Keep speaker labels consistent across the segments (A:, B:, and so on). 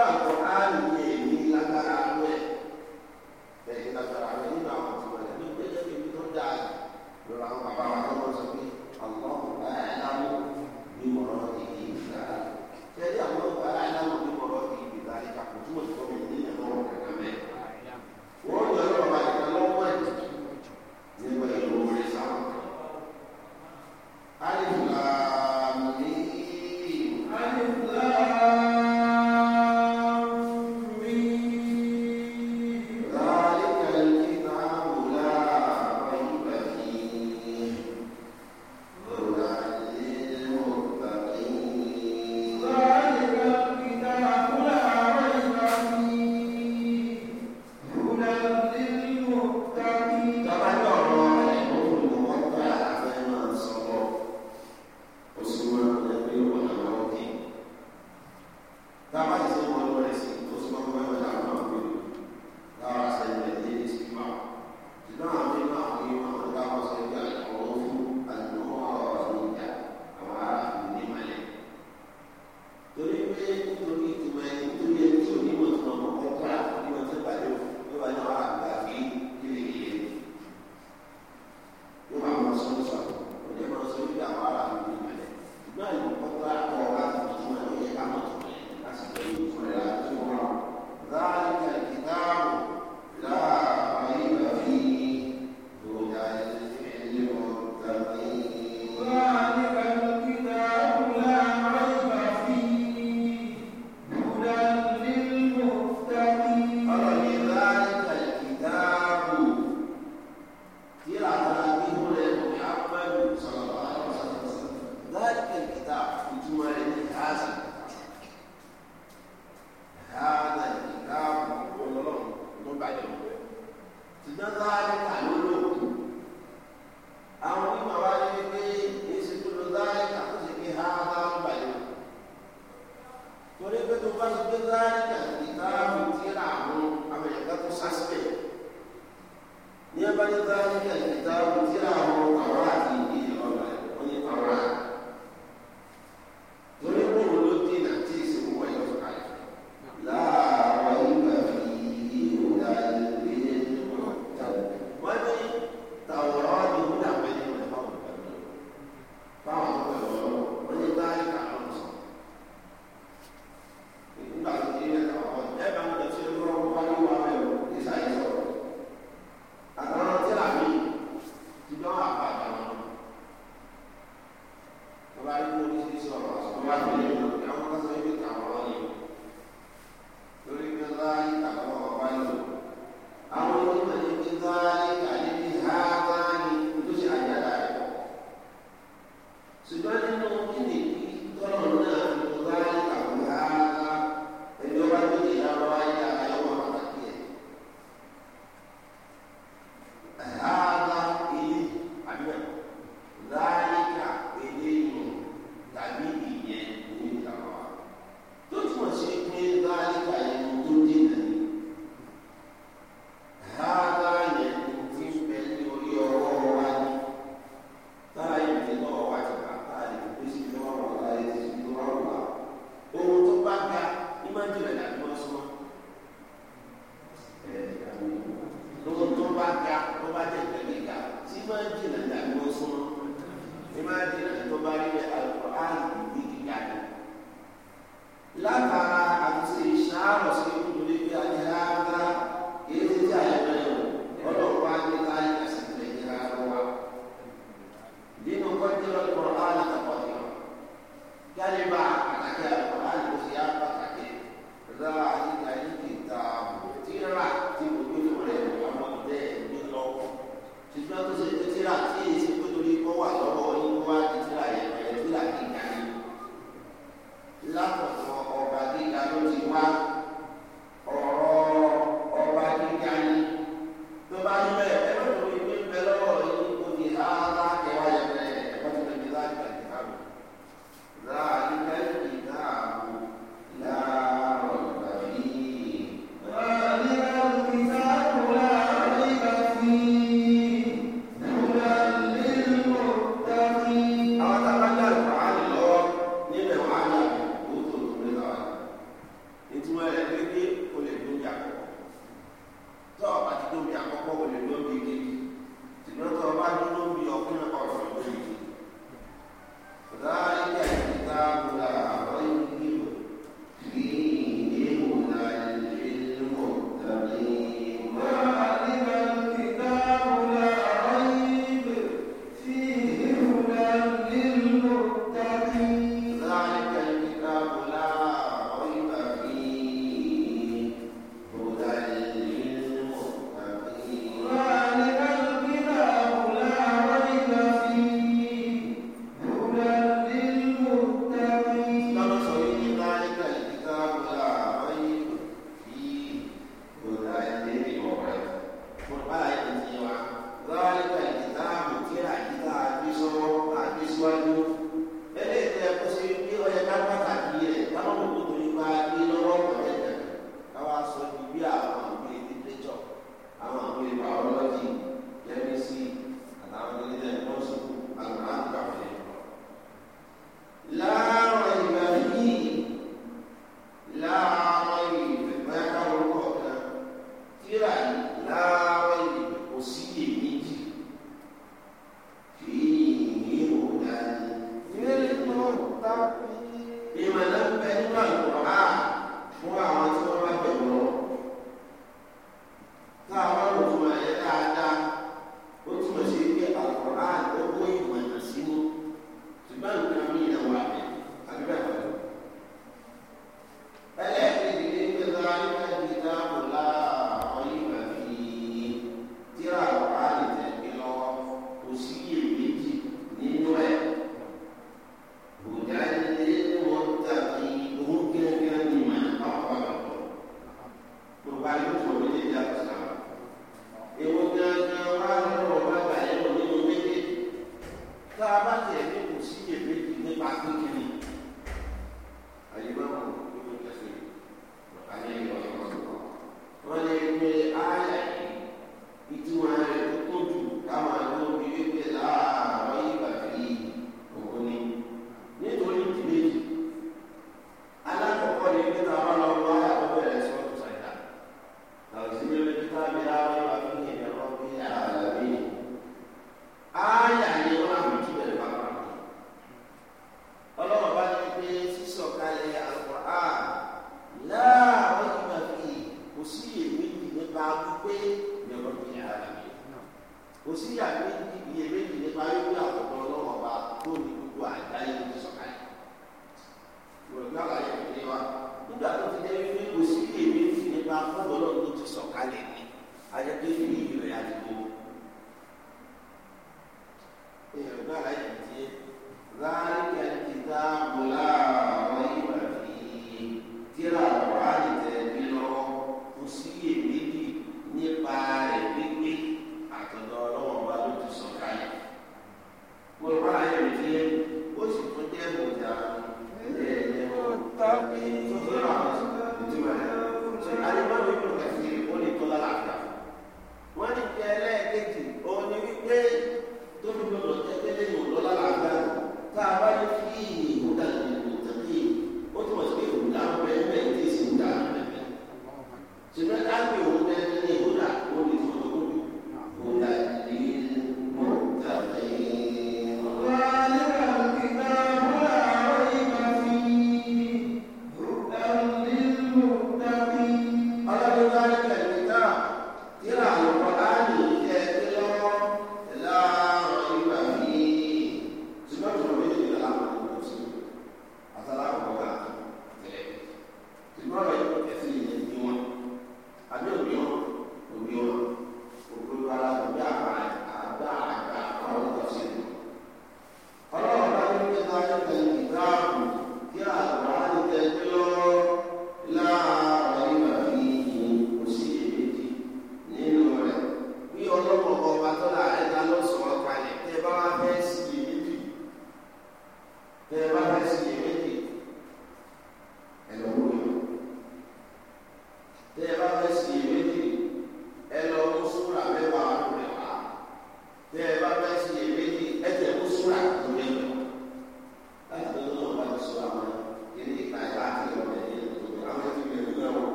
A: tanto,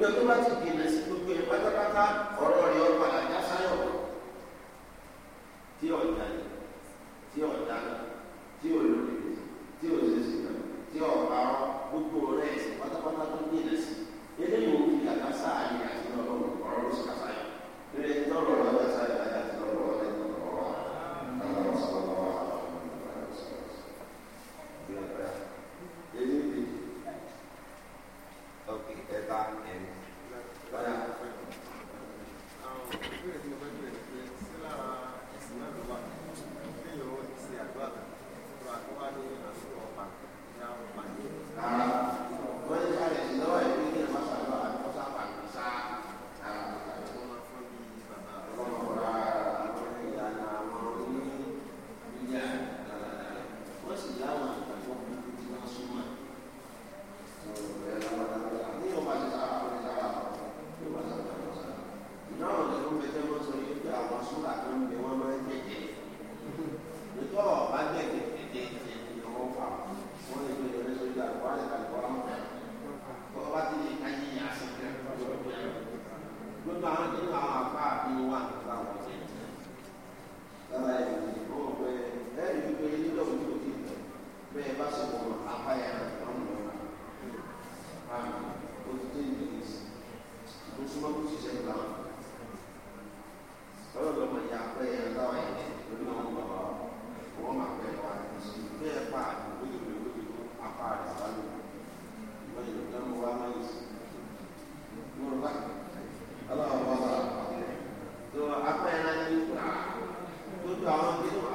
A: ìjọ tó bá ti dènà sí gbogbo ẹ̀ pátápátá Thank you.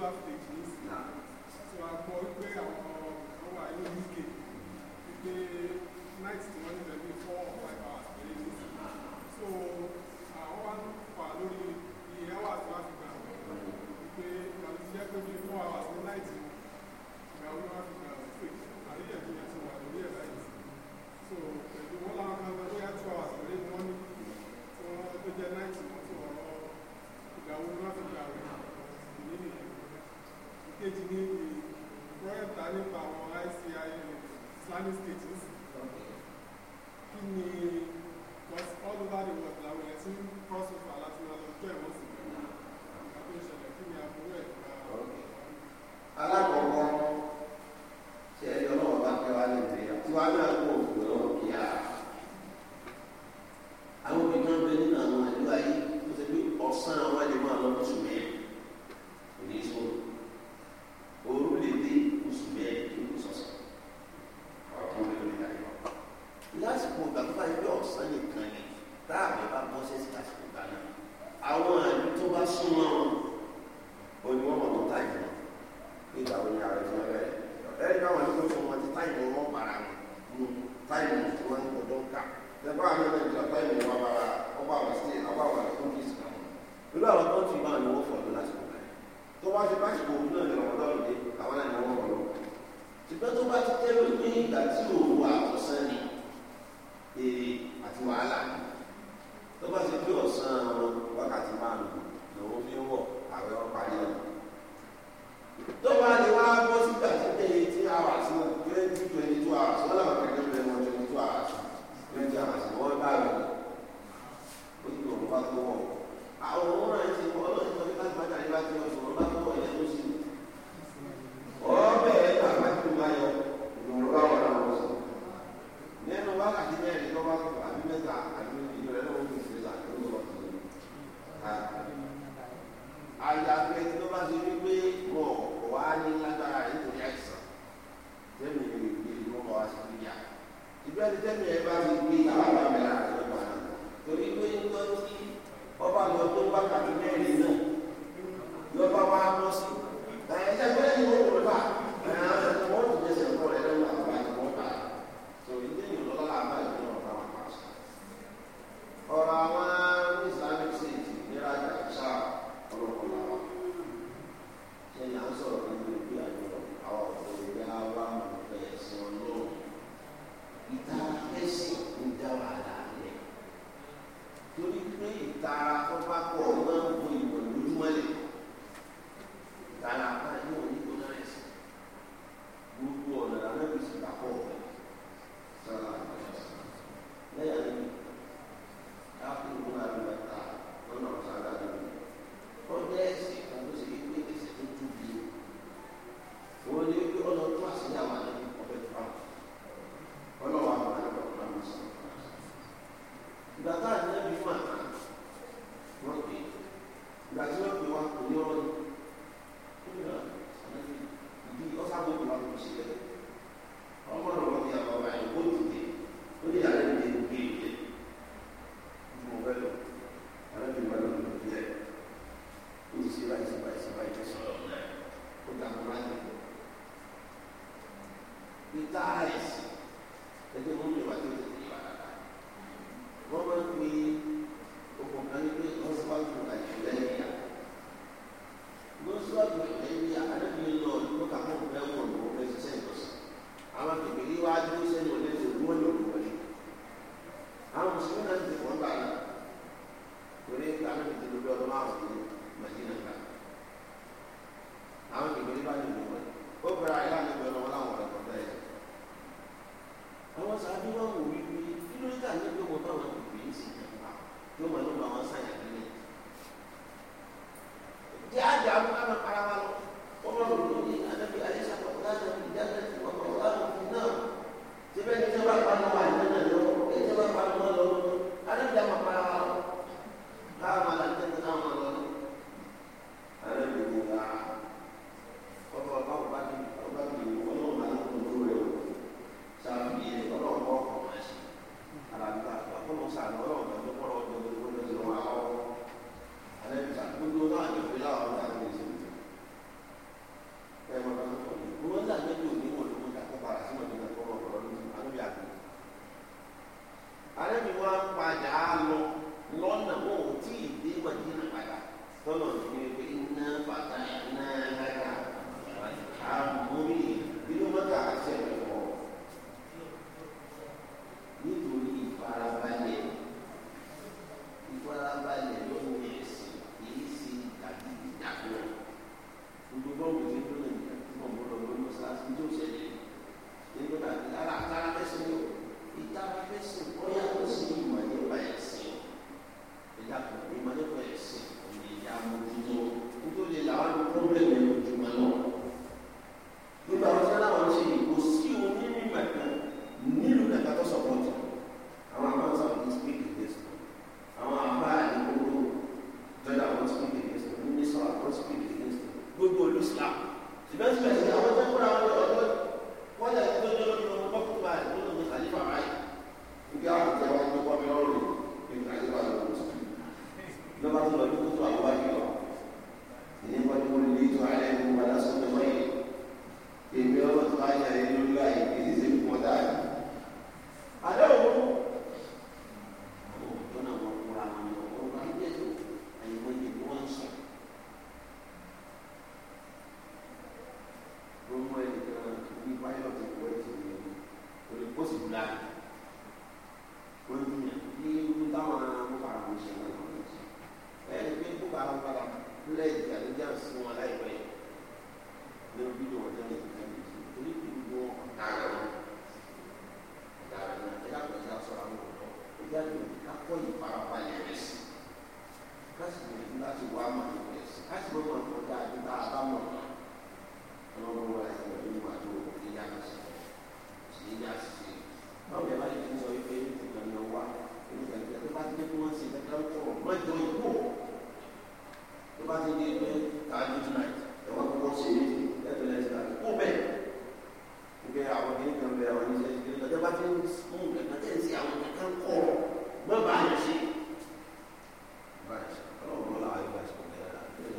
A: global faith ní sí tí wàá gbọ́ pé àwọn kan wà ní UK pé night tí so àwọn wá ń fà hours wá fi gbà wọ́n pé ìgbà tó ti kejì ní rẹ́ǹtà nípa àwọn ICI Islamic kí ni.